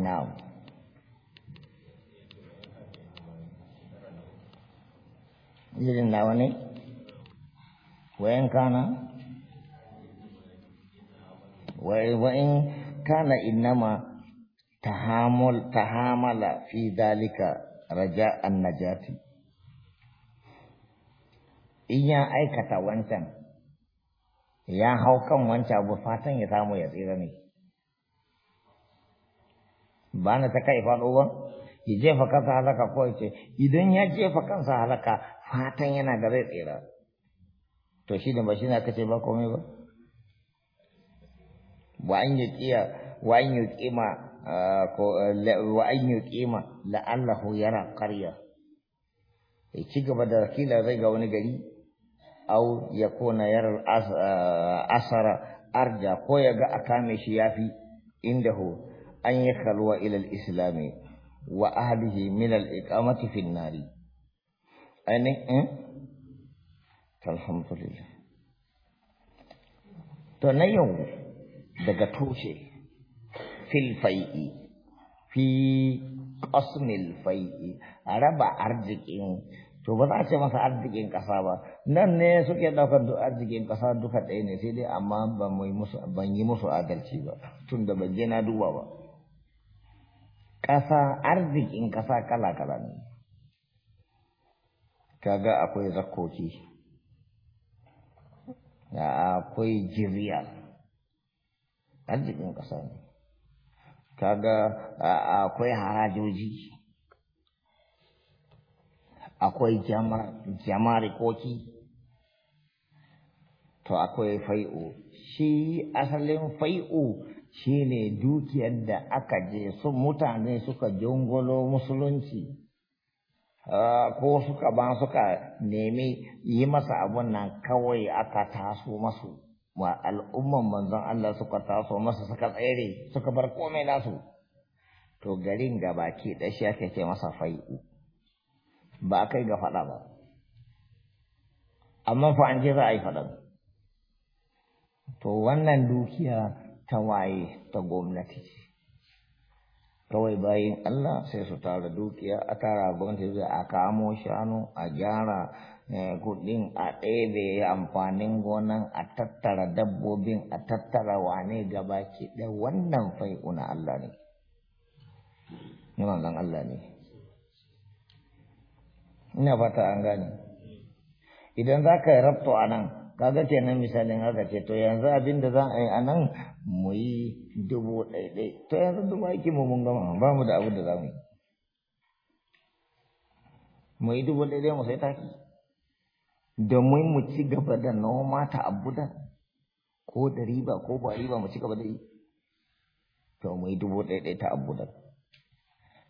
now irin nawa ne wayan kana wayan kana innama tahamul tahamala fi dalika raja'an najati in ya aikata wancan ya hau kan wancan abu fatan ya samu ya tsira ne ba na ta kai faɗo ba ya jefa kansa halaka ko ce idan ya jefa kansa halaka fatan yana da zai tsira to shi da ba shi na kace ba komai ba wa an yi kiya wa an yi kima ko wa an yi kima la'allahu yana qarya ya ci gaba da kila zai ga wani gari au ya kona yar asara arja ko ya ga aka mai shi yafi indahu an yi kalwa ilal islami wa ahalihi milal iqamati fin nari aini to na daga toshe fil fi qasmil fai'i arzikin to ba za a ce masa arzikin ƙasa ba nan ne suke daukar duk arzikin ƙasa duka ɗaya ne sai dai amma ban yi musu adalci ba tun da ban gina duba ba. ƙasa arzikin ƙasa kala-kala ne kaga akwai zakoki da akwai jiriya arzikin ƙasa ne kaga akwai harajoji akwai jamarikoki to akwai fai'o shi asalin fai'o shi ne dukiyar da aka je su mutane suka jungolo musulunci ko suka ba suka nemi yi masa abun nan kawai aka taso masu wa al'umman manzon Allah suka taso masa suka tsere suka bar komai nasu to garin baki da shi ake ce masa fai'u ba kai ga faɗa ba amma fa an je za a yi faɗan to wannan dukiya ta waye ta gwamnati kawai bayan Allah sai su tara dukiya a tara gwamnati zai a kamo shanu a gyara eh, kudin a ɗebe amfanin gonan a tattara dabbobin a tattara wane gaba ki da wannan fai'una Allah ne ni Allah ne ina fata an gane idan za ka yi rabto a nan kaga kenan misalin haka ce to yanzu abin da za a yi a nan mu yi dubu ɗaiɗai ta yanzu duba yake mu mun gama ba mu da abu da zamu yi mu yi dubu ɗaiɗai mu sai taki domin mu ci gaba da noma ta abudan ko da riba ko ba riba mu ci gaba da yi to mu yi dubu ɗaiɗai ta abudan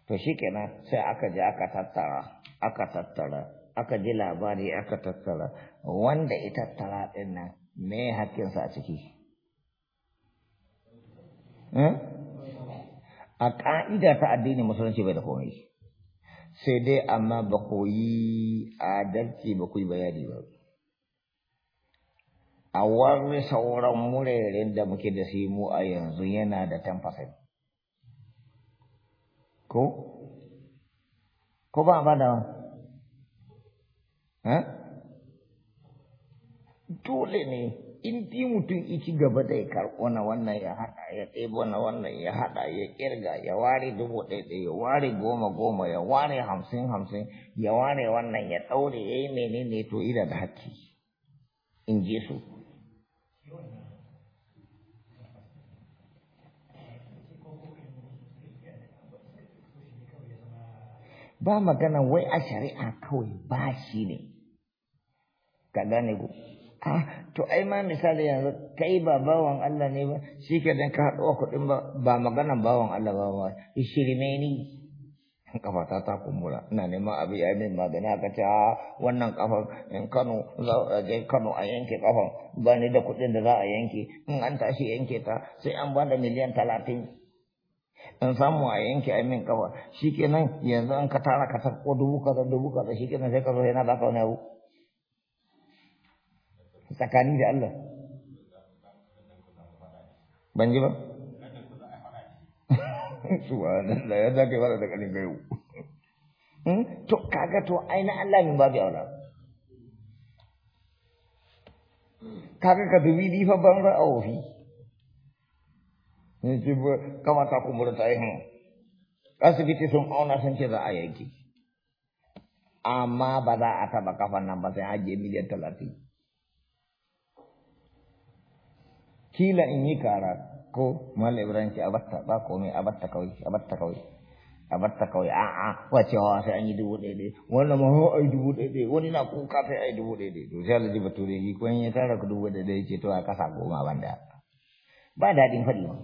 to shi kenan sai aka je aka tattara aka tattara aka ji labari aka tattara wanda ita tattara ɗin nan me hakkinsa a ciki Eh? a ƙa'ida ta addini musulunci bai da komai sai dai amma ba ku yi adalci ba ku bayani ba a wani sauran murerin da muke da su mu a yanzu yana da 10% ko ko ba ba da eh? dole ne in bi mutum iki gaba da ya karɓo na wannan ya haɗa ya ɗebo na wannan ya haɗa ya ƙirga ya ware dubu ɗaiɗai ya ware goma goma ya ware hamsin hamsin ya ware wannan ya ɗaure ya yi menene to ina da haƙƙi in je su ba magana wai a shari'a kawai ba shi ne ka gane ku to ai ma misali yanzu kai ba bawan Allah ne ba shi ke dan ka haɗuwa kuɗin ba ba maganan bawan Allah ba ba shirme ni kafata ta kumbura ina neman abi ya min magana aka ce ah, wannan kafan in Kano za a je Kano a yanke kafan ba ni da kuɗin da za a yanke in an tashi yanke ta sai an bada miliyan talatin in samu a yanke a min kafa shikenan yanzu an ka tara ka ko dubu kaza dubu kaza shikenan sai ka zo yana baka wani abu tsakani da Allah ban ji ba subhanallah ya zaka fara da kalin gayu to kaga to aina Allah min babu aula kaga ka dubi di fa ban ra'awo fi ni ji ba ta ku ta yi asibiti sun auna sun ce za a yanki amma ba za a taba kafan nan ba sai ajiye miliyan talatin kila in yi kara ko mal ibrahim ce abatta ba komai abatta kawai abatta kawai abatta kawai a'a wace wa sai an yi dubu ɗaya ɗaya wannan ma hau ai dubu ɗaya ɗaya wani na kuka sai ai dubu ɗaya ɗaya to sai alhaji bature yi ko in ya tara ku dubu ɗaya ɗaya ce to a kasa goma banda ba daɗin faɗi ba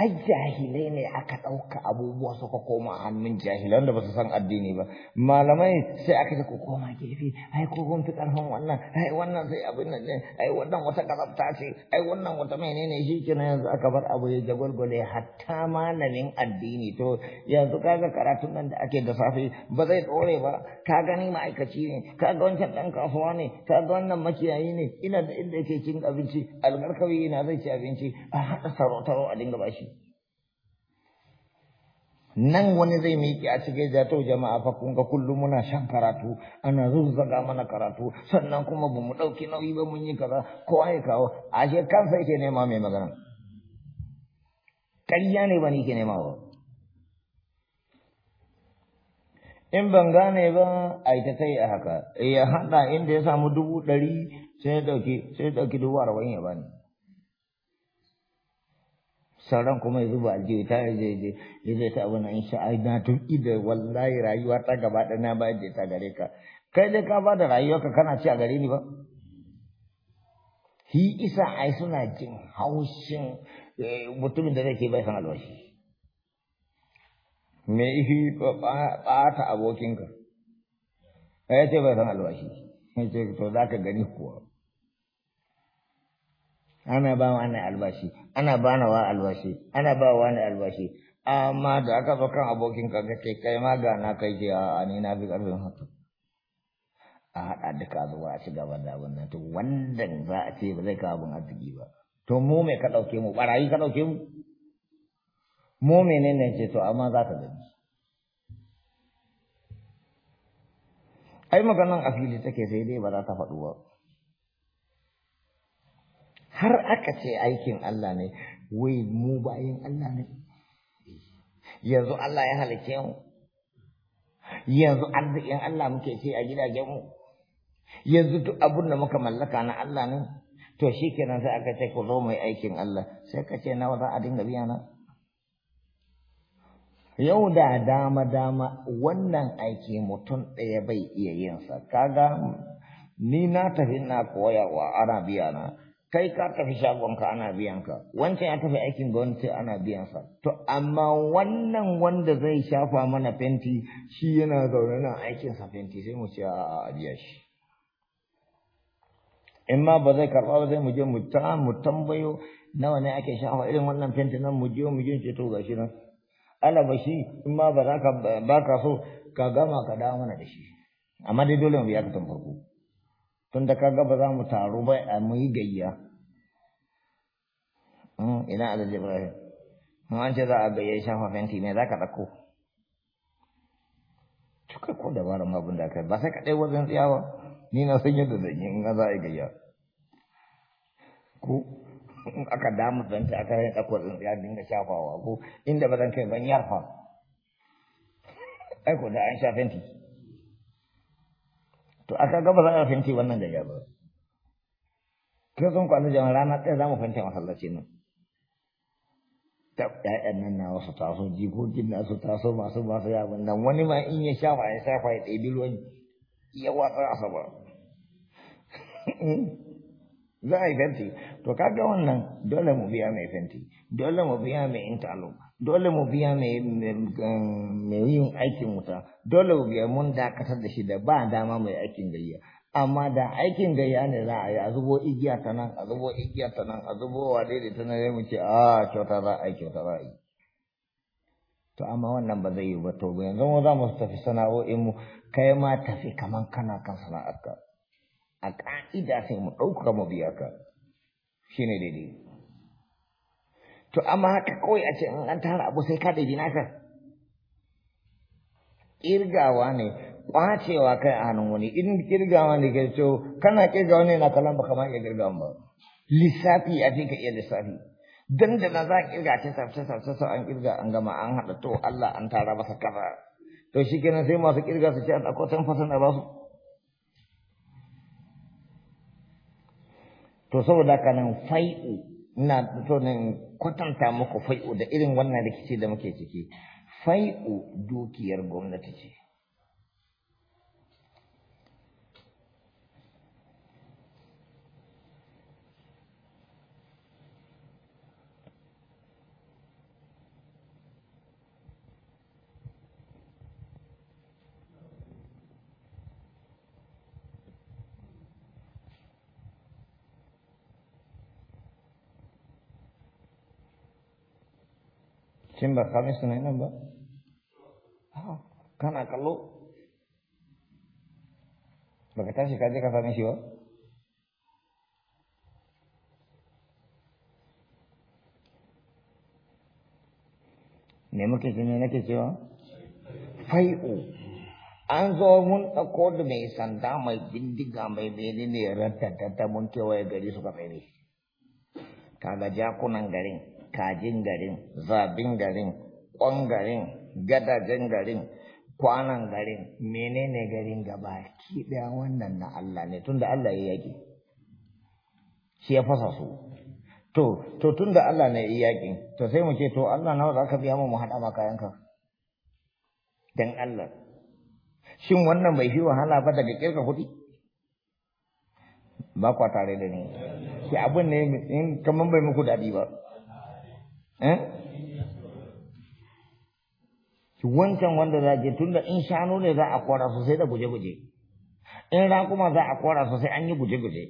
ai jahilai ne aka ɗauka abubuwa suka koma hannun jahilan da ba su san addini ba malamai sai aka ce ku koma gefe ai ko kun fi ƙarfin wannan ai wannan sai abin nan ne ai wannan wata ƙazabta ce ai wannan wata ne." shi nan yanzu aka bar abu ya jagwalgwale hatta malamin addini to yanzu kaga karatun nan da ake da safe ba zai ɗore ba ka gani ma'aikaci ne ka ga wancan ɗan kasuwa ne ka ga wannan makiyayi ne ina da inda yake cin abinci algarkawi ina zai ci abinci a haɗa sarautaro a dinga bashi nan wani zai miƙe a cikin jato jama'a fa kun ga kullum muna shan karatu ana zuzzaga mana karatu sannan kuma ba mu ɗauki nauyi ba mun yi kaza ko ai kawo ashe kansa yake nema mai magana ƙarya ne ba ni ke nema ba in ban gane ba a yi ta kai a haka ya eh, haɗa inda ya samu dubu ɗari sai ya ɗauki dubu arba'in ya bani sauran kuma ya zuba aljihu ta yi zai zai ta abin in sha na tun ida wallahi rayuwa ta gaba da na bayan ta gare ka kai dai ka ba da rayuwarka kana ci a gare eh, ni ba shi isa ai suna jin haushin mutumin da zai bai san albashi. me ihi ɓata abokinka ya ce eh, bai san albashi." ya ce to za ka gani kuwa ana ba ana albashi ana bana wa albashi ana ba wa ne albashi amma da aka zo kan abokin ka ga kai kai ma ga na kai ke a ni na bi karfin haka a haɗa duka zuwa a ci gaba da wannan to wannan za a ce ba zai kawo abin arziki ba to mu me ka ɗauke mu ɓarayi ka ɗauke mu mu menene ce to amma za ka gani ai maganan a fili take sai dai ba za ta faɗu ba har aka ce aikin Allah ne wai mu bayin Allah ne yanzu Allah ya halice mu yanzu arzikin Allah muke ce a gidajen mu yanzu duk abin da muka mallaka na Allah ne to shikenan sai aka ce ku zo mai aikin Allah sai ka ce nawa za a dinga biya na yau da dama dama wannan aiki mutum ɗaya bai iya yinsa kaga ni na tafi na koyawa ana biya na kai ka tafi shagon ka ana biyan ka wancan ya tafi aikin ga sai ana biyan sa to amma wannan wanda zai shafa mana fenti shi yana zaune na aikin sa fenti sai mu ce a biya shi in ma ba zai karba ba sai mu je mu ta mu tambayo nawa ne ake shafa irin wannan fenti nan mu je mu je ce to gashi nan ba shi in ma ba za ka ba ka so ka gama ka dawo mana da shi amma dai dole mu biya ka tun farko tunda kaga ba za mu taru ba mu yi gayya Hmm, ina alhaji ibrahim hmm, an ce za a gayyar shafa fenti me za ka ɗauko cikin ko dabarun abin da aka ba sai kaɗai wajen ba. ni na san yadda zan yi in za a gayya ko in aka damu fenti aka yi ɗauko tsintsiya dinga shafawa ko inda ba zan kai ban yarfa ai ko da an sha fenti to aka gaba za a fenti wannan gayya ba kai sun kwanu jama'a rana ɗaya za mu fenti masallaci nan ‘ya’yan nan na wasu taso jikokin na su taso masu masu yawon nan wani ma in ya sha ya sha fa ya ɗebi ruwan ya watsa a saba za a yi fenti to kaga wannan dole mu biya mai fenti dole mu biya mai intalo, dole mu biya um, mai yin aikin wuta dole mu biya mun dakatar da shi da ba dama mai aikin gayya amma da aikin gayya ne za a yi a zubo igiya ta nan a zubo igiya ta nan a zubo wa daidai ta nan mu ce a kyauta za a yi kyauta za a yi to amma wannan ba zai yi ba to yanzu mu za mu tafi sana'o'in mu kai ma tafi kaman kana kan ka a ka'ida sai mu ɗauka mu biya ka shine daidai to amma haka kawai a ce in an tara abu sai ka ɗabi naka irgawa ne kwacewa kai a hannun wani in kirgawa ne ke so kana kirgawa ne na kalan ba kama iya kirgawa ba lissafi a fi ka iya lissafi dandana za a kirga ce sarce sarce sau an kirga an gama an haɗa to Allah an tara masa kafa to shi kenan sai masu kirga su ce an ɗauko can fasa a ba su to saboda haka nan fai'u ina to nan kwatanta muku fai'u da irin wannan rikici da muke ciki fai'u dukiyar gwamnati ce bakal sunayna ba karena kalau Bagatan sih kaje kata ni siwa. Nemo ke kini na ke siwa. Fai'u. An zo mun ɗauko da mai sanda mai bindiga mai bene ne ratatata mun kewaye gari suka fai Kaga jakunan garin kajin garin zabin garin ƙwan garin gadajen garin kwanan garin menene garin gaba ki ɗaya wannan na Allah ne tunda Allah ya yaƙi shi ya fasa su to to tunda Allah ne ya yaƙi to sai mu ce to Allah nawa za ka biya mu mu haɗa ma kayanka Don Allah shin wannan bai fi wahala ba daga kirka kuɗi ba kwa tare da ni shi abin ne in kamar bai muku daɗi ba Eh? wancan wanda za je tunda in shanu ne za a kora su da guje-guje in kuma za a kora su an yi guje-guje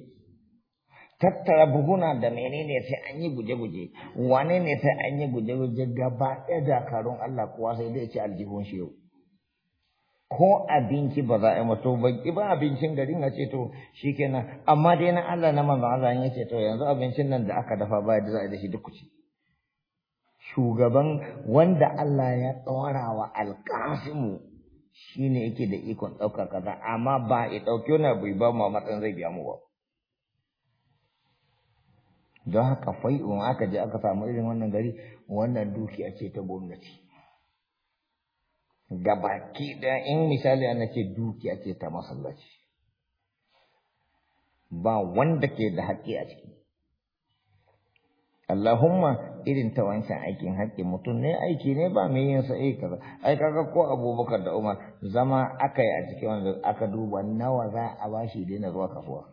tattara buhuna da menene sai an yi guje-guje wane ne sai an yi guje-guje gaba ɗaya dakarun Allah kuwa sai dai ci aljihun shi yau ko abinci ba za a yi mato ba ba abincin garin a ce to kenan, amma dai na Allah na manzon Allah ya ce to yanzu abincin nan da aka dafa ba da za a yi da shi duk kuci shugaban wanda Allah ya tsora wa alƙasimu shi ne yake da ikon ɗaukar kaza amma ba ya ɗauki wani abu ba ma matsan zai biya mu ba don haka fai in aka je aka samu irin wannan gari wannan dukiya ce ta gwamnati gabaki ɗaya in misali ana ce dukiya ce ta masallaci ba wanda ke da haƙƙi a ciki Allahumma irin ta wancan aikin haƙƙin mutum ne aiki ne ba mai yin sa eh ai kaga ko Abubakar da Umar zama aka yi a cikin wanda aka duba nawa za a bashi daina zuwa kafuwa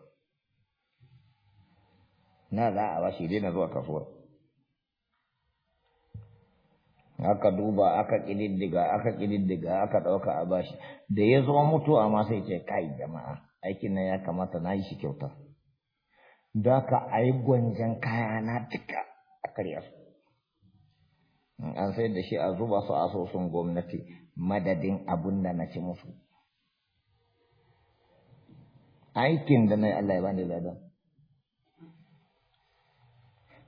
na za a bashi daina zuwa kafuwa aka duba aka kididdiga aka kididdiga aka dauka a bashi da ya zo mutuwa ma sai ce kai jama'a aikin nan ya kamata na yi shi kyauta don ka a yi gwanjan kaya na duka a karya su an sai da shi a zuba su asusun gwamnati madadin abun da na ci musu aikin da na Allah ya bani ladan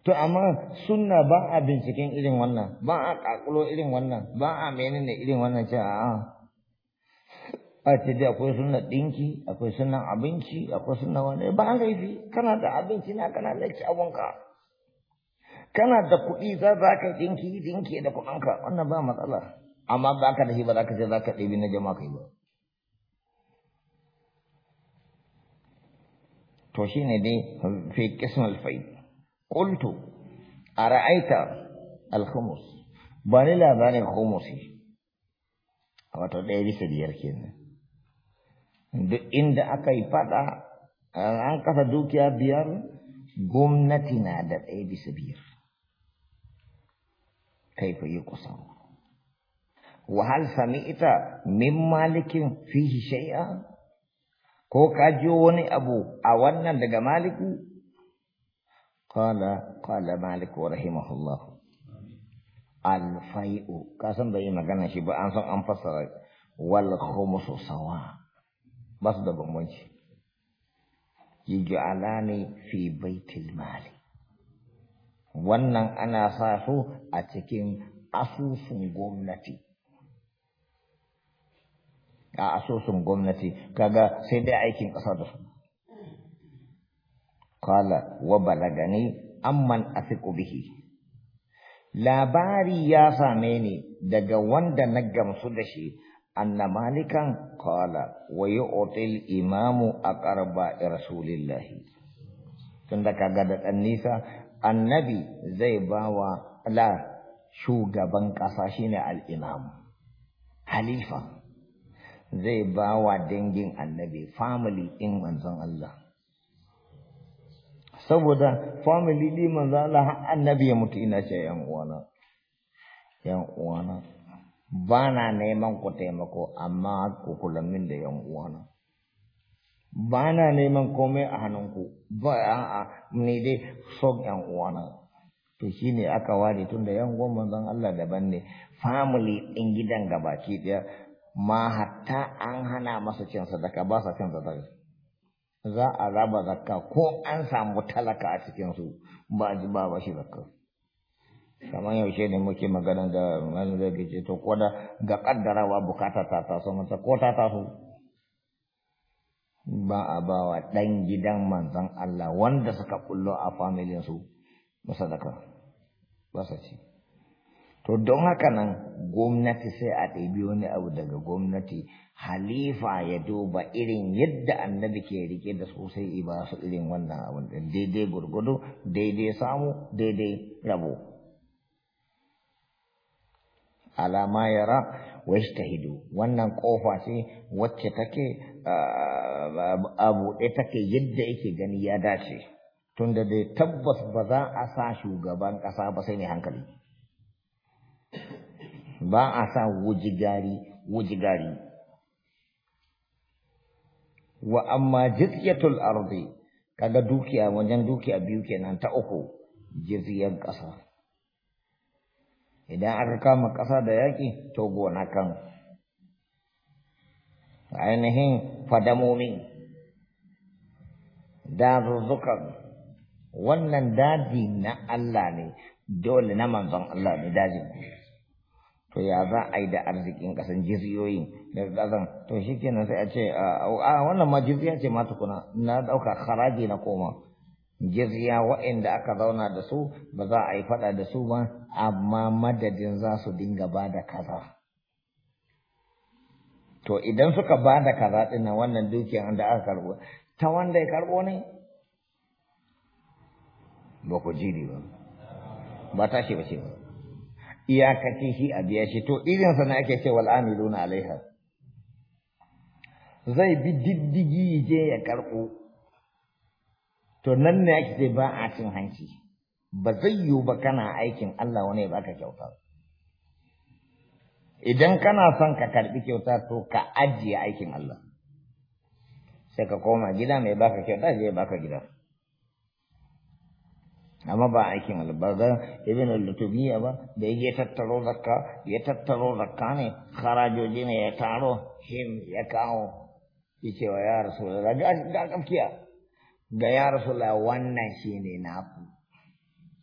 to amma sunna ba a binciken irin wannan ba a kakulo irin wannan ba a menene irin wannan ce a a ce dai akwai sunna dinki akwai suna abinci akwai sunna wani ba laifi kana da abinci na kana da ci abunka kana da kuɗi za za ka ɗinki ɗinki da kuɗinka wannan ba matsala amma ba ka da shi ba za ka ce za ka ɗebi na jama'a kai ba to shi ne dai fi kism alfai qultu ara'aita alkhumus ba ni labarin a wato ɗaya bisa biyar kenan duk inda aka yi faɗa an kasa dukiya biyar gwamnati na da ɗaya bisa biyar kaifa yuqsam wa hal sami'ta min malikin fihi shay'a ko ka ji wani abu a wannan daga maliki qala qala malik rahimahullah al fai'u Ka san bai magana shi ba an san an fassara wal khumsu sawa bas da bambanci yaj'alani fi baitil mali wannan ana sa su a cikin asusun gwamnati. A asusun gwamnati, kaga sai dai aikin ƙasa da su. Kala wa balagani amman asiku bihi. Labari ya same ni daga wanda na gamsu da shi, anna malikan kala wa yi otel imamu a ƙarba rasulillahi. Tunda kaga da ɗan nisa, annabi zai bawa la shugaban ƙasa shine al-imam halifa zai ba wa dangin annabi family ɗin manzon Allah. Saboda family ɗin manzon Allah annabi ya mutu ina ce ‘yan uwana, ‘yan uwana, ba na neman ku taimako amma ku kula min da ‘yan uwana. Ba na neman komai a hannunku, ba a ni dai sok ‘yan uwana. to shi ne aka ware tun da yan goma zan Allah daban ne family ɗin gidan gabaki ɗaya ma hatta an hana masa cin sadaka ba sa cin sadaka za a raba zakka ko an samu talaka a cikinsu ba ji ba ba shi zakka kamar yaushe ne muke magana da malam zai ce to ko da ga kaddarawa bukata ta taso mata ko ta taso ba a ba wa ɗan gidan manzon Allah wanda suka kullo a familinsu su sadaka ba to don haka nan gwamnati sai a ɗabi wani abu daga gwamnati halifa ya duba irin yadda annabi ke rike da su sai ba su irin wannan abin daidai gurgudu daidai samu daidai rabo alama yara hidu wannan ƙofa ce wacce take ah, a buɗe take yadda yake gani ya dace tunda dai tabbas ba za a sa shugaban ƙasa ba sai mai hankali ba a sa wujigari wujigari wa amma jizyatul ardi kaga dukiya wajen dukiya biyu kenan ta uku jizyar ƙasa idan aka kama ƙasa da yaki, to gona kan ainihin fadamomi zuzukan. wannan daji na Allah ne dole na manzon Allah ne dajin to ya za a yi da arzikin kasan jiziyoyin da zazan to shi kenan sai a ce a wannan ma jiziya ce ma tukuna na dauka haraji na koma Jiziya wa'inda aka zauna da su ba za a yi fada da su ba amma madadin za su dinga ba da kaza to idan suka ba da kaza dinnan wannan dukiyar da aka karbo ta wanda ya karbo ne ba ku jiri ba ba ta ba ce ba iyakaci shi a biya shi to irin sana ake ce wal amiluna alaiha zai bi diddigi je ya karɓo to nan ne ake ce ba a cin hanci ba zai yiwu ba kana aikin Allah wani ba ka kyauta idan kana son ka karɓi kyauta to ka ajiye aikin Allah sai ka koma gida mai baka kyauta zai baka gida amma ba aikin albarda ibn al-lutubiya ba da yake tattaro zakka ya tattaro zakka ne kharajoji ne ya taro him ya kawo yace wa ya rasulullah ga ga kafkiya ga ya rasulullah wannan shine ku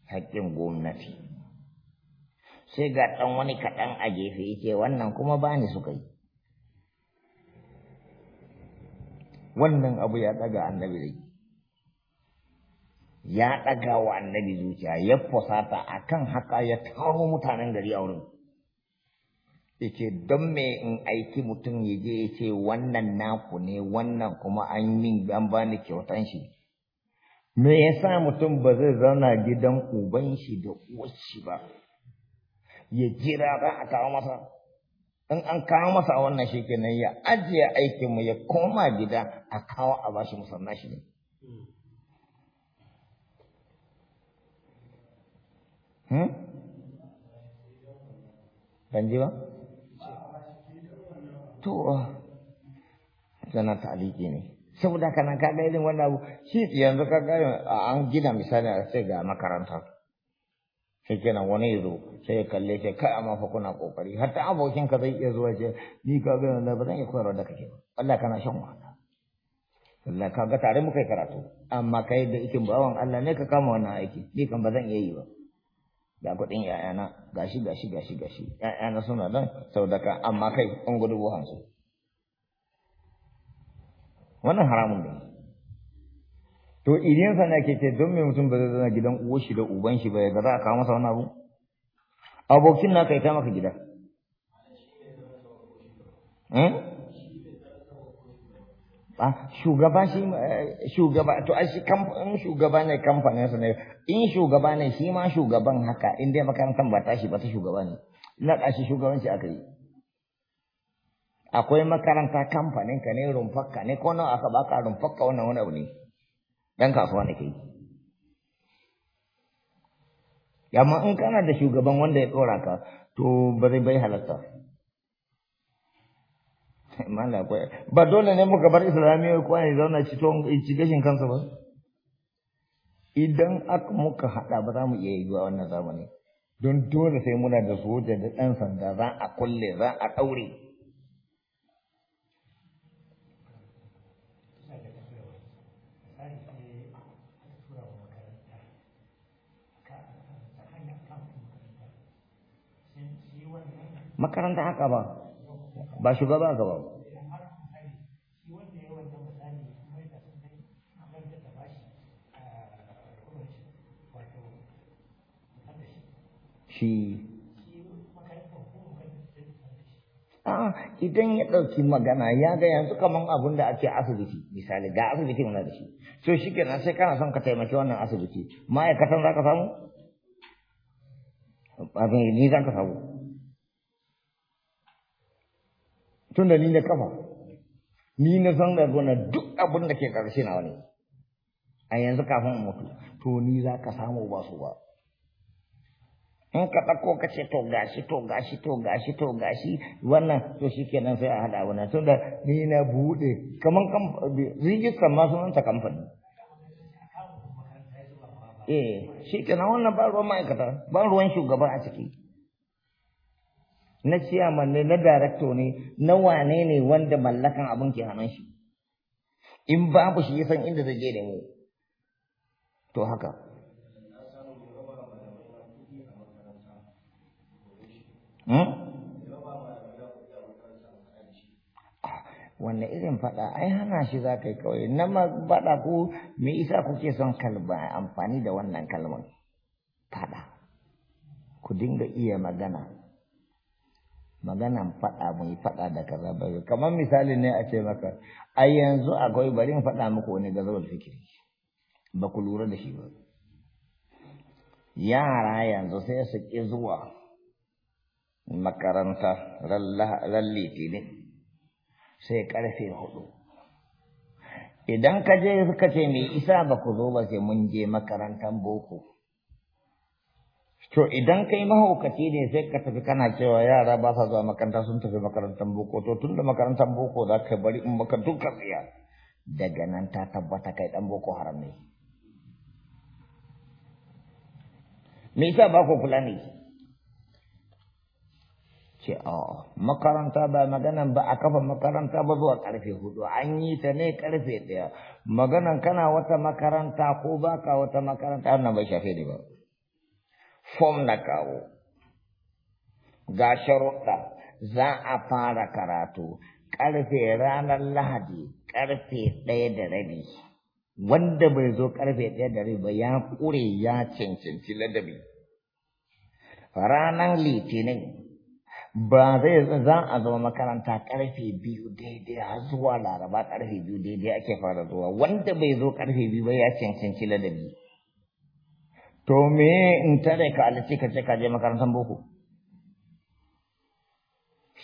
haƙƙin gwamnati sai ga dan wani kaɗan a gefe yace wannan kuma bani suka yi wannan abu ya daga annabi dai ya ɗaga wa annabi zuciya ya fusata a kan haka ya taro mutanen gari a wurin yake don me in aiki mutum ya je ya ce wannan naku ne wannan kuma an yi an bani kyautan shi me ya sa mutum ba zai zauna gidan uban shi da uwar ba ya jira ba a kawo masa in an kawo masa wannan shi kenan ya ajiye aikinmu ya koma gida a kawo a bashi musamman shi ne ban ji ba to zana taliki ne saboda kana kaga irin wannan abu shi yanzu kaga an gina misali a ce makaranta sai kenan wani ya sai kalle ce kai amma fa kuna kokari hatta abokin ka zai iya zuwa ce ni ka ga na ba zan iya koyarwa da kake ba Allah kana shan wahala Allah ka ga tare muka yi karatu amma kai da ikin bawan Allah ne ka kama wannan aiki ni kan ba zan iya yi ba ga kuɗin ‘ya'yana gashi gashi gashi gashi ‘ya'yana suna nan Saudaka. amma kai an gudu su wannan haramun ne to idan sana ke ce don me mutum ba zai zana gidan uwar shi da uban shi ba ga za a kawo masa wannan abu abokin na kai ta maka gida eh ba shugaba shi eh, shugaba to a shi kamfanin shugaba ne kamfanin sa ne in shugaba ne shi ma shugaban haka in dai makarantar ba tashi ba ta shugaba ne na kashi shugabanci aka yi akwai makaranta kamfanin ka ne ka ne ko nawa aka baka ka wannan wani abu ne dan kasuwa ne kai amma in kana da shugaban wanda ya dora ka to ba zai bai halatta mala ba dole ne muka bar islamiyya ko ya zauna ci to ci gashin kansa ba idan aka muka haɗa ba za mu iya yi wa wannan zamani don dole sai muna da soja da dan sanda za a kulle za a daure makaranta haka ba ba shugaba ka ba ba. a idan ya ɗauki magana ya ga yanzu kaman abun da ake asibiti misali ga asibiti muna da shi so shi kenan sai kana son ka taimaki wannan asibiti ma'aikatan za ka samu abin ni za ka samu tunda ni na kafa ni na san da gona duk abin da ke karshe na wani a yanzu kafin in mutu to ni za ka samu ba su ba in ka ɗauko ka ce to gashi to gashi to gashi to gashi wannan to shi kenan sai a haɗa wannan tunda ni na buɗe kaman rijistar ma ta kamfani eh shi kenan wannan ba ruwan ma'aikata ba ruwan shugaba a ciki na ciyaman ne na darakto ne na wane ne wanda mallakan abin ke hannun shi in babu shi san inda zai je da mu to haka hmm? wanne irin faɗa ai hana shi za ka yi kawai na faɗa ko me isa kuke son kalba amfani da wannan kalmar faɗa ku dinga iya magana maganan faɗa mu yi faɗa da kaza ba kamar misali ne a ce maka a yanzu akwai bari in faɗa muku wani gazawar fikiri ba ku lura da shi ba yara yanzu sai su ƙi zuwa makaranta ran ne sai ƙarfe hudu idan ka je suka ce mai isa ba ku zo ba sai mun je makarantar boko To idan kai mahaukaci ne sai ka tafi kana cewa yara ba sa zuwa makaranta sun tafi makarantar boko to tun da makarantar boko za ka bari in maka duka tsaya daga nan ta tabbata kai dan boko haram ne. Me yasa ba ku kula ne? Ke a makaranta ba maganan ba a kafa makaranta ba zuwa karfe hudu an yi ta ne karfe daya maganan kana wata makaranta ko baka wata makaranta wannan bai shafe ne ba. fom na kawo ga sharuɗa za a fara karatu ƙarfe ranar lahadi ƙarfe ɗaya da rabi wanda bai zo ƙarfe ɗaya da rabi ba ya ƙure ya cancanci ladabi ranar litinin ba zai za a zama makaranta ƙarfe biyu daidai har zuwa laraba ƙarfe biyu daidai ake fara zuwa wanda bai zo ƙarfe biyu ba ya cancanci ladabi To me in tare ka alice ka ce ka je makarantar boko.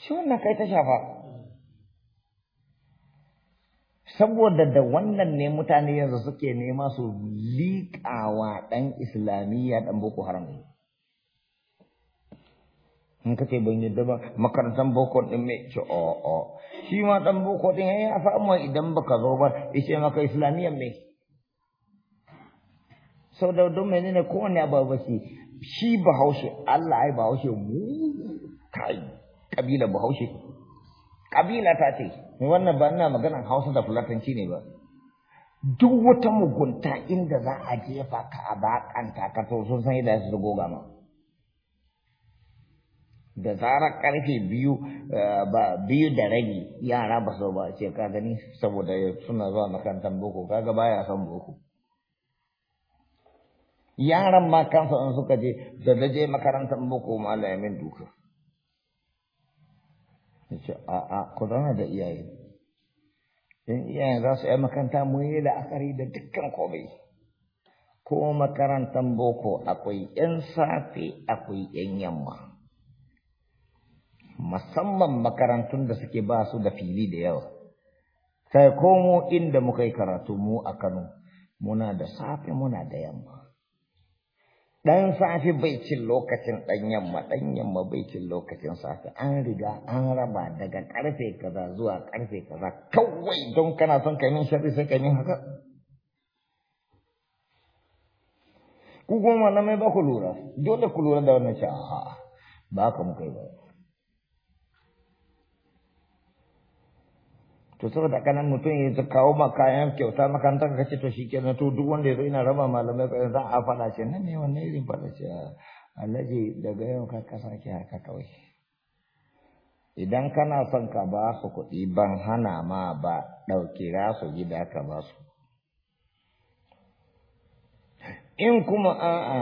Shi wannan kai ta shafa. Saboda da wannan ne mutane yanzu suke nema su liƙawa ɗan islamiyya ɗan boko haram ne. In ka ce ban yadda ba makarantar boko ɗin mai ce o o. Shi ma ɗan boko ɗin ya fa idan baka zo ba ishe maka islamiyyan mai. sau da don mai ne kowane ya ba shi shi bahaushe Allah ai bahaushe mu kai kabila bahaushe kabila ta ce wannan ba ina maganar hausa da fulatanci ne ba duk wata mugunta inda za a jefa ka a bakanta ka to sun san yadda su goga ma da zarar karfe biyu eh, ba biyu da rabi yara ba so ba ce ka gani saboda suna zuwa makarantar boko kaga baya son boko yaran ma kansu in suka je da da makarantar boko malamin duka ce a a da iyaye in iyaye za su yi makaranta mu yi la'akari da dukkan komai ko makarantar boko akwai yan safe akwai yan yamma musamman makarantun da suke ba su da fili da yawa sai komo inda muka yi karatu mu a Kano muna da safe muna da yamma ɗan safe bai cin lokacin ɗan yamma ɗan yamma bai cin lokacin safe an riga an raba daga ƙarfe kaza zuwa ƙarfe kaza kawai don kana son kanyin min sharri sai haka ku goma na mai ba ku lura dole ku lura da wannan ce ba ka mu kai ba to saboda kanan mutum ya kawo ma kayan kyauta makarantar ka ce to shi kenan to duk wanda ya zo ina raba malamai ka za a faɗa ce nan ne wannan irin faɗa ce alaji daga yau ka kasa ki haka kawai idan kana son ka ba su kuɗi ban hana ma ba ɗauki rasu gida ka ba su in kuma a'a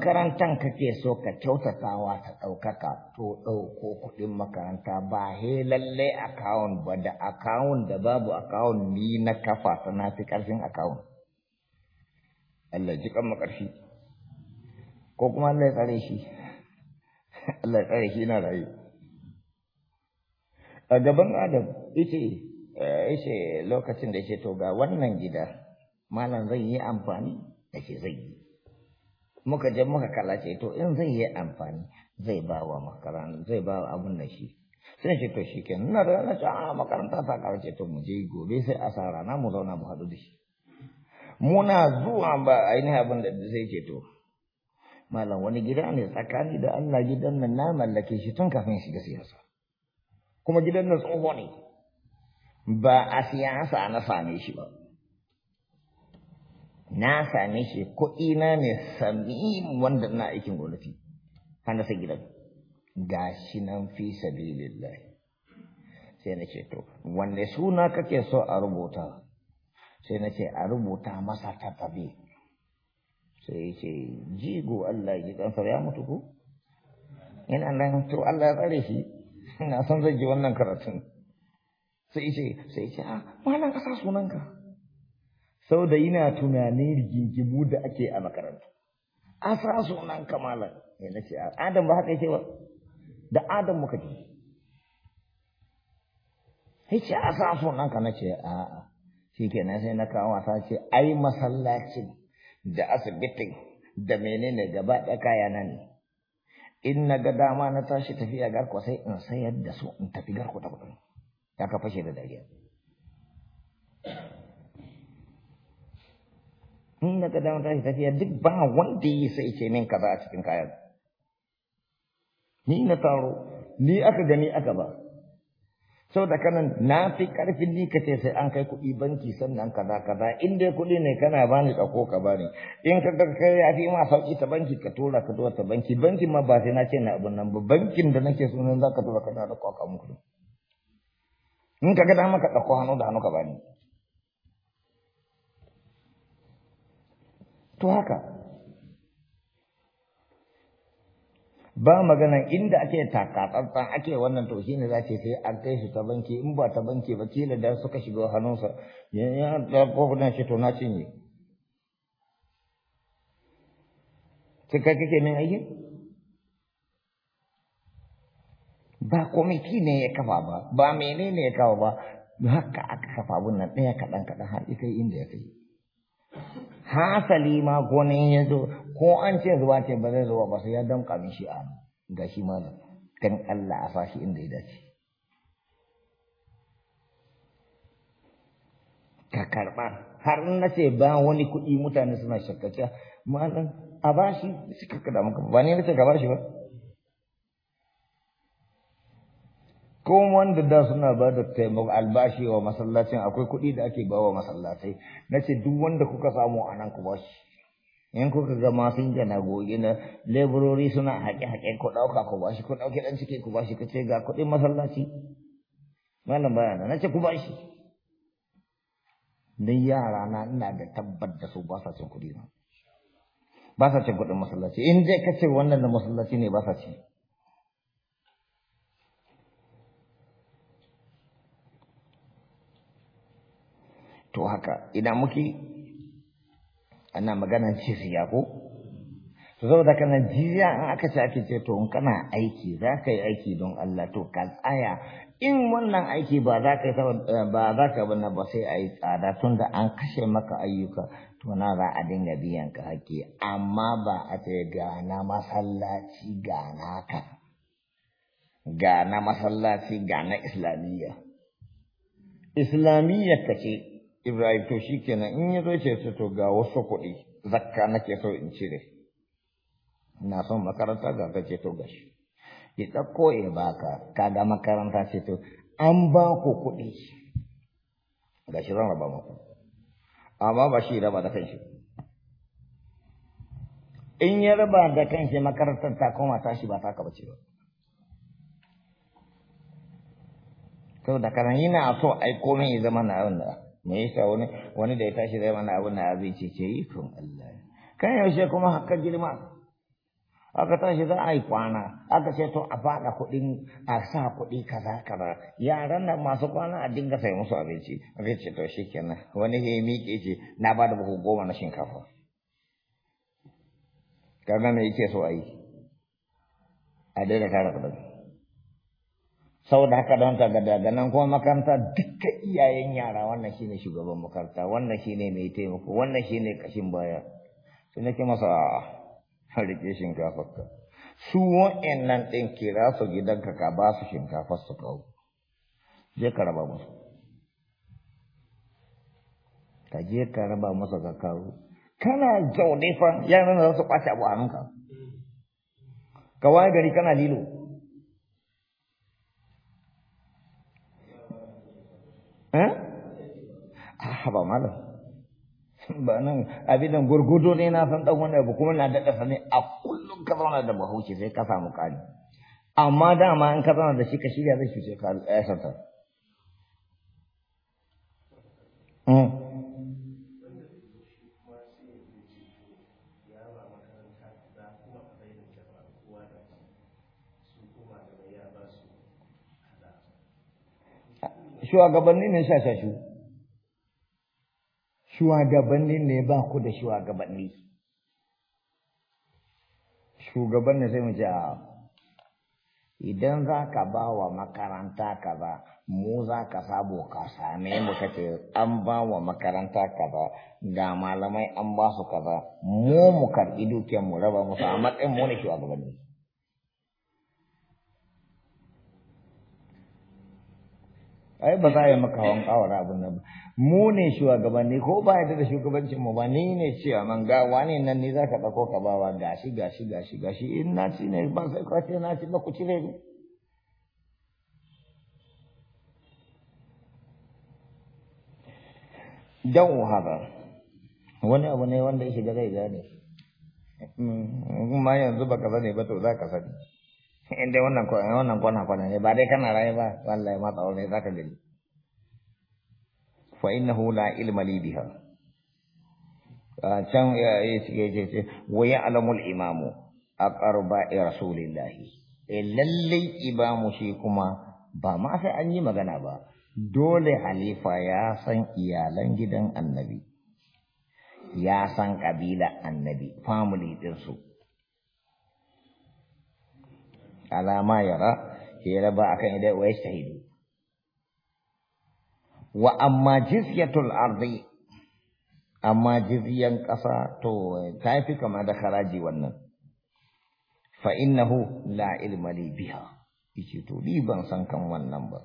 ka kake so ka kyautatawa ta ɗaukaka to ɗauko kuɗin makaranta ba he lalle akawun ba da akawun da babu akawun ni na kafa ta na fi ƙarfin akawun Allah ji kan makarfi ko kuma Allah ya tsare shi Allah ya tsare shi na rayu a gaban Adam ita ce eh, lokacin da ce to ga wannan gida malam zan yi amfani nace zai yi muka je muka kala to in zai yi amfani zai ba wa makaranta zai ba wa abun da shi sai ce to shi ke nuna da na ce a ah, makaranta ta kawace to mu je gobe sai a sa rana mu zauna mu haɗu da shi muna zuwa ba ainihin abin da zai ce to malam wani gida ne tsakani da Allah gidan nan na mallake shi tun kafin shiga siyasa kuma gidan nan tsoho ne ba a siyasa na same shi ba na same shi kuɗi na ne sami wanda na aikin gwamnati an rasa gidan ga shi nan fi sabilillah sai na ce to wanne suna kake so a rubuta sai na ce a rubuta masa ta tabi sai ce jigo Allah ya kansar ya mutu ko ina nan to Allah ya tsare shi ina son zai ji wannan karatun sai ce sai ce a ah, malan kasa sunanka sau da ina tunanin rigingimu da ake a makaranta a sa sunan kamala ne na ce adam ba haka yake ba da adam muka ji ce a sa sunan ka na ce a'a shi kenan sai na kawo wasa ce ai masallacin da asibitin da menene gaba da kaya na ne in na ga dama na tashi tafiya garko sai in sayar da su in tafi garko ta kudin ya ka fashe da dariya in ga dama shi tafiya duk ba wanda ya sai ce min kaza a cikin kayan ni na taro ni aka gani aka ba sau da kanan na fi karfin ni ka ce sai an kai kuɗi banki sannan kaza kaza in dai kuɗi ne kana bani ɗauko ka bani in ka ga kai ya fi ma sauki ta banki ka tura ka tura ta banki bankin ma ba sai na ce na abin nan ba bankin da nake so nan za ka tura ka kana da kwakwa muku in ka ga dama ka ɗauko hannu da hannu ka bani to haka ba magana inda ake takatsantsan ake wannan to shine za ce sai an kai shi ta banki in ba ta banki ba kila da suka shigo hannunsa ya da kofunan shi to na cinye kika kike min aiki ba komiti ne ya kafa ba ba menene ya kafa ba haka aka kafa wannan ɗaya kaɗan kaɗan har kai inda ya kai hasali ma ko ne ya zo ko an ce zuwa ce ba zai zuwa ba sai ya damƙa min shi a ga shi ma dan Allah a sashi inda ya dace ka karɓa har na ce ba wani kuɗi mutane suna shakkaciya malam a bashi suka kada maka ba ne na ce ka bashi ba kuma wanda da suna ba da taimako albashi wa masallacin akwai kuɗi da ake ba wa masallatai na ce duk wanda kuka samu a nan ku ba shi in kuka ga masun jana gogi na leburori suna haƙe-haƙe ku ɗauka ku ba shi ku ɗauki ɗan cike ku ba shi ku ce ga kuɗin masallaci malam baya na ce ku ba shi dan yara na ina da tabbar da su ba sa cin kuɗi na ba sa cin kuɗin masallaci in dai ka ce wannan da masallaci ne ba sa cin to haka idan muke ana magana jizya ko to saboda kana jizya in aka ce ake ce to in kana aiki za ka yi aiki don Allah to ka tsaya in wannan aiki ba za ka ba za ka bana ba sai a tsada tun da an kashe maka ayyuka to na za a dinga biyan ka haƙƙi amma ba a ce ga na masallaci ga na ka ga na masallaci ga na islamiyya islamiyya ka ce Ibrahim to shi kenan in ya zo ce to ga wasu kuɗi zakka nake so in cire. Ina son makaranta ga ka ce to ga shi. Ya ɗauko ya baka kaga makaranta ce to an ba ku kuɗi. Ga shi zan raba muku. Amma ba shi raba da kanshi. In ya raba da kanshi makarantar ta koma tashi ba ta ka bace ba. da kanan yana so ai komai ya zama na yau da me yasa wani wani da ya tashi zai mana abin da zai ce ce ikon Allah kan yaushe kuma haka girma aka tashi za a yi kwana aka ce to a fada kuɗin a sa kuɗi kaza kaza yaran nan masu kwana a dinga sai musu abinci aka ce to shikenan wani ya miƙe ce na ba da buhu goma na shinkafa kaga me yake so a yi a daina tara sau da haka don kaga daga nan kuma makaranta duka iyayen yara wannan shine shugaban makaranta wannan shine mai taimako wannan shine kashin baya sai nake masa harike shinkafar ka su wa'annan ɗin kira su gidanka ka ba su shinkafar su kawo je ka raba musu ka je ka raba musu ka kawo kana zaune fa yaran za su kwace abu a hannunka ka waye gari kana lilo eh ah ba malam ba nan abinan gurgudo ne na san dan wani abu kuma na daɗa sani a kullum ka zauna da bahaushe sai ka samu ƙari amma dama in ka zauna da shi ka shirya zai cuce ka ya eh, santa hmm. shugabanni ne sa shashashu shugabanni ne ba ku da shugabanni shugabanni ne sai mu ce ah, idan za ka ba wa makaranta kaza mu za ka sabo ka same mu kace an ba wa makaranta kaza ga malamai an ba su kaza mu mu karɓi dukiyar mu raba musu a matsayin mu ne shugabanni ai ba za a yi maka hawan kawara abin nan ba mu ne shugabanni ko ba yadda da shugabancin mu ba ni ne cewa man ga wani nan ne zaka dako ka bawa gashi gashi gashi gashi in na ci ne ba sai ka ce na ci ba ku ci ne dan haka wani abu ne wanda ya shiga zai gane hmm, kuma yanzu baka sani ba to zaka sani inda wannan kwana wannan ne ba dai kana raye ba wallahi ma tsawon ne ka gani fa innahu la ilma li biha ya ce ce wa ya'lamul imamu aqarba rasulillahi eh, lallai imamu shi kuma ba ma sai an magana ba dole halifa ya san iyalan gidan annabi ya san kabila annabi family ɗinsu alama yara hira ba akan idai wa yastahidu wa amma jizyatul ardi amma jizyan kasa to tafi kama da haraji wannan fa innahu la ilma li biha yace to ni ban san kan wannan ba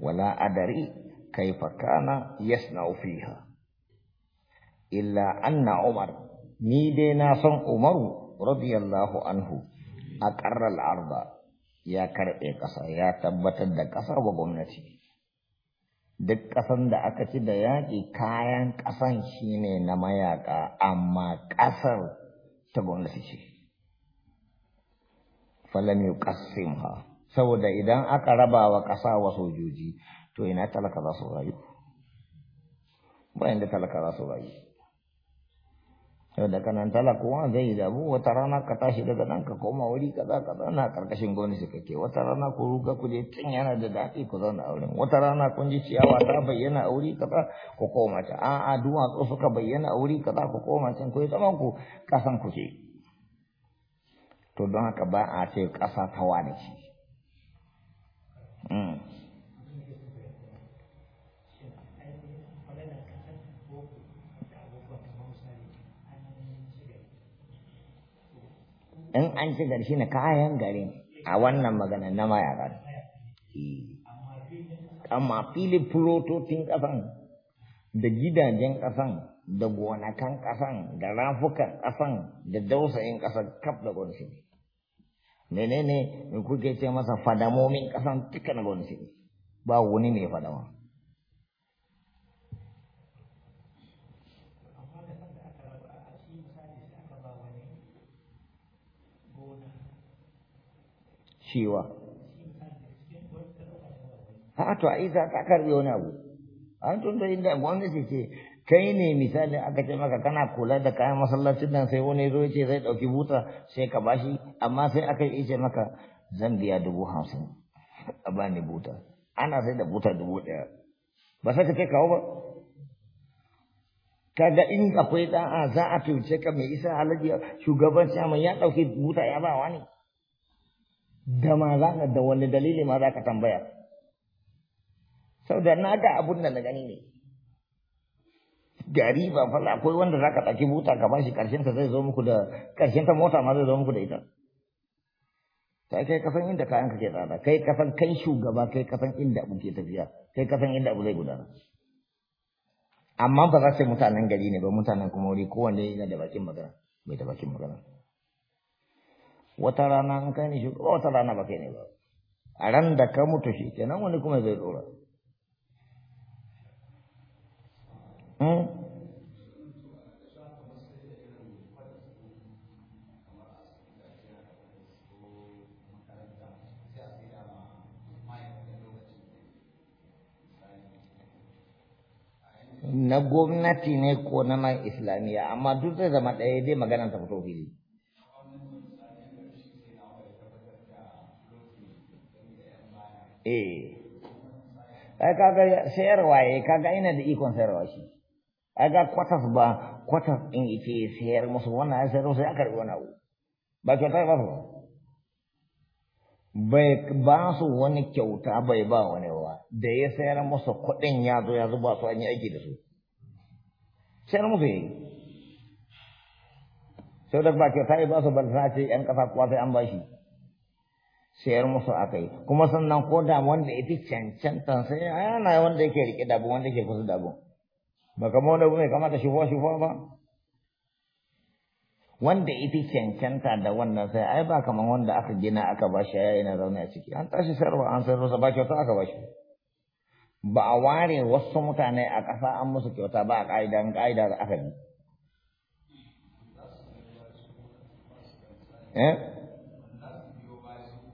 wala adari kaifa kana yasna'u fiha illa anna umar ni dai na san umaru radiyallahu anhu A arda ya karbe ƙasa, ya tabbatar da kasa wa gwamnati duk kasan da aka ci da yaƙi kayan kasan shine na mayaƙa, amma ƙasar ta gwamnati ce falam ha, saboda idan aka raba wa ƙasa wa sojoji to ina talaka za su rayu bayan da talaka za su rayu yau da kanan tala kowa zai zabu wata rana ka tashi daga nan ka koma wuri kaza kaza na karkashin gwamnati kake wata rana ku ruga ku je tun yana da daɗi ku zauna a wurin wata rana kun ji ciyawa ta bayyana a wuri kaza ku koma ta a'a duwatsu suka bayyana a wuri kaza ku koma can ku yi zaman ku kasan ku ce to don haka ba a ce kasa ta wani shi in an ci gari shine kayan gari a wannan magana na mayaka amma fili furotocin ƙasan da gidajen ƙasan da gonakan ƙasan da rafukan ƙasan da dausayin ƙasan kaf da gwamnati ne kuke ce masa fadamomin ƙasan duka na gwamnati ba wani mai fadama cewa a to a isa ka karbi wani abu an tun da inda wanda ce ce kai ne misali aka ce maka kana kula da kayan masallacin nan sai wani zo ce zai dauki buta sai ka bashi amma sai aka yi ce maka zan biya dubu hamsin a bani buta ana sai da buta dubu ɗaya ba sai ka kai kawo ba kaga in akwai da'a za a tuce ka mai isa halaji shugaban shaman ya dauki buta ya ba wani da ma za ka da wani dalili ma za ka tambaya saboda na ga abun da na gani ne gari ba fala akwai wanda za ka ɗaki buta ka bashi ta zai zo muku da ta mota ma zai zo muku da ita sai kai kasan inda kayan ke tsada kai kasan kai shugaba kai kasan inda abu ke tafiya kai kasan inda abu zai gudana amma ba za su mutanen gari ne ba mutanen kuma wuri kowanne yana da bakin magana bai da bakin magana wata rana an kai ni shugaba wata rana ba kai ni ba a ran da ka mutu shi kenan wani kuma zai dora hmm? na gwamnati ne ko na mai islamiyya amma duk zai zama ɗaya dai magana ta fito fili eh ai kaga sayarwa ya eh, kaga ina da ikon sayarwa shi ai ga kwatas ba kwatas in ice sayar musu wannan sayar musu ya karbi wani abu ba ta ba su bai ba su wani kyauta bai ba wani ba da ya sayar musu kuɗin ya zo ya zuba su an yi aiki da su sayar musu yi sau da ba kyauta ya ba su ba ta ce yan ƙasa kuwa sai an ba shi sayar musu aka yi kuma sannan ko da wanda ita fi cancantan sai yana wanda yake rike da abu wanda yake kusa da abu ba kamar wanda mai ta shufa shufa ba wanda ita cancanta da wannan sai ai ba kama wanda aka gina aka ba shi ya na zaune a ciki an tashi sayarwa an sayar masa ba kyauta aka ba shi ba a ware wasu mutane a ƙasa an musu kyauta ba a ƙa'ida ƙa'ida da aka bi. Eh?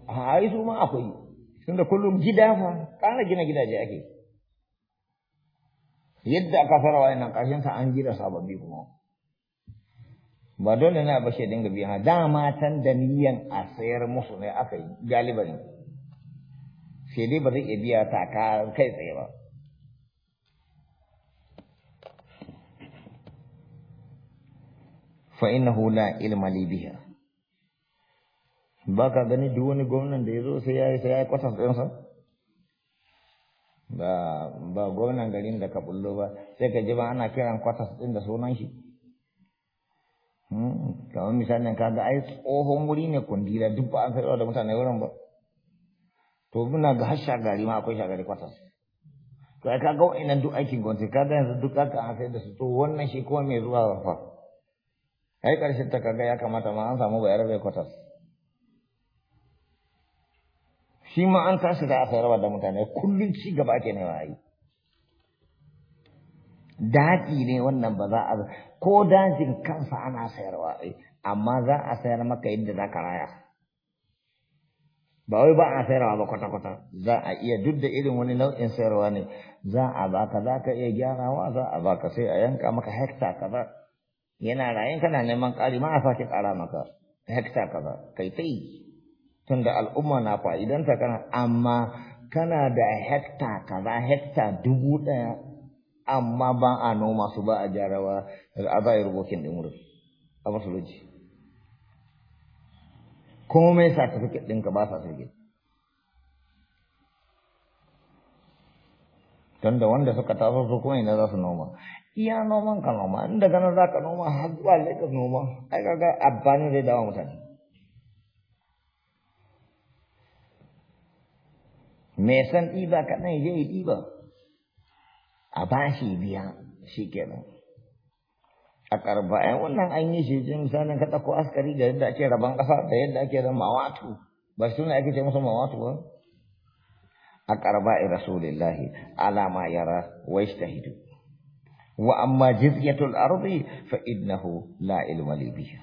a ai su ma akwai tunda kullum gida fa kana gina gidaje ake yadda aka fara wayannan kashin sa an gina sababbi kuma ba dole na ba shi dinga biya da matan da niyan a sayar musu ne aka yi galiban sai dai ba zai iya biya ta ka kai tsaye ba fa innahu la ilma li biha ba ka gani duk wani gwamnan da ya zo sai ya yi sai ya yi kwatas ɗinsa ba ba gwamnan garin da ka bullo ba sai ka ji ba ana kiran kwatas ɗin da sunan shi hmm, kamar misalin kaga ai tsohon wuri ne kundila duk ba an karɓa da mutane wurin ba to muna ga har shagari ma akwai shagari kwatas to ai kaga wa'annan duk aikin gwamnati kaga yanzu duk aka an sai da su to wannan shi kuma mai zuwa fa ai karshen ta kaga ya kamata ma an samu bayar bai kwatas shi ma an tashi za a sayarwa da mutane kullum ci gaba ke ne yi daji ne wannan ba za a ko dajin kansa ana sayarwa amma za a sayar maka yadda za ka raya ba wai ba a sayarwa ba kwata-kwata za a iya duk da irin wani nau'in sayarwa ne za a baka za ka iya gyarawa za a baka sai a yanka maka hekta kaza yana rayan kana neman kari ma a sake kara maka hekta kaza kai ta tunda al'umma na ta kana amma kana da hekta kaza hekta dubu ɗaya amma ba a noma su ba a jarawa a zai rubokin ɗin wurin a musulunci komai certificate ɗinka ba sa don da wanda suka taso su kuma ina za su noma iya noman ka noma inda gana za ka noma har zuwa lekas noma ai kaga abani zai dawa mutane mai san ɗiba kaɗan ya yi ɗiba a bashi biya shi nan. a karba ai wannan an yi shi jin misalin ka ko askari da yadda ake raban ƙasa da yadda ake mawatu ba su ne ake ce musu mawatu ba a karba i rasulillahi alama yara wa ishtahidu wa amma jizyatul ardi fa innahu la ilma li biha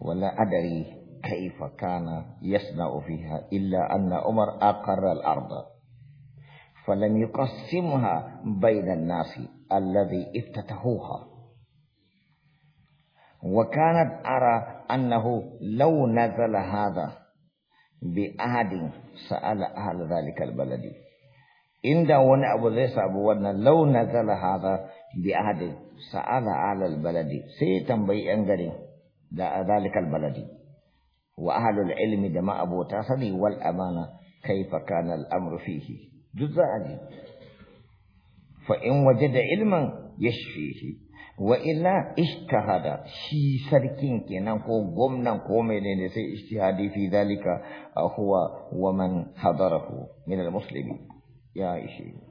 wala adari كيف كان يصنع فيها إلا أن عمر أقر الأرض فلم يقسمها بين الناس الذي افتتحوها وكانت أرى أنه لو نزل هذا بأحد سأل أهل ذلك البلد عند وانا أبو ليس أبو وانا لو نزل هذا بأحد سأل أهل البلد سيتم بي أنجري ذلك البلد وأهل العلم جماعة تاسلي والأمانة كيف كان الأمر فيه جزء عجيب فإن وجد علما يشفيه وإلا اجتهد شي سركين كنان كو غمنا كو منين سي اجتهادي في ذلك هو ومن حضره من المسلمين يا شيخ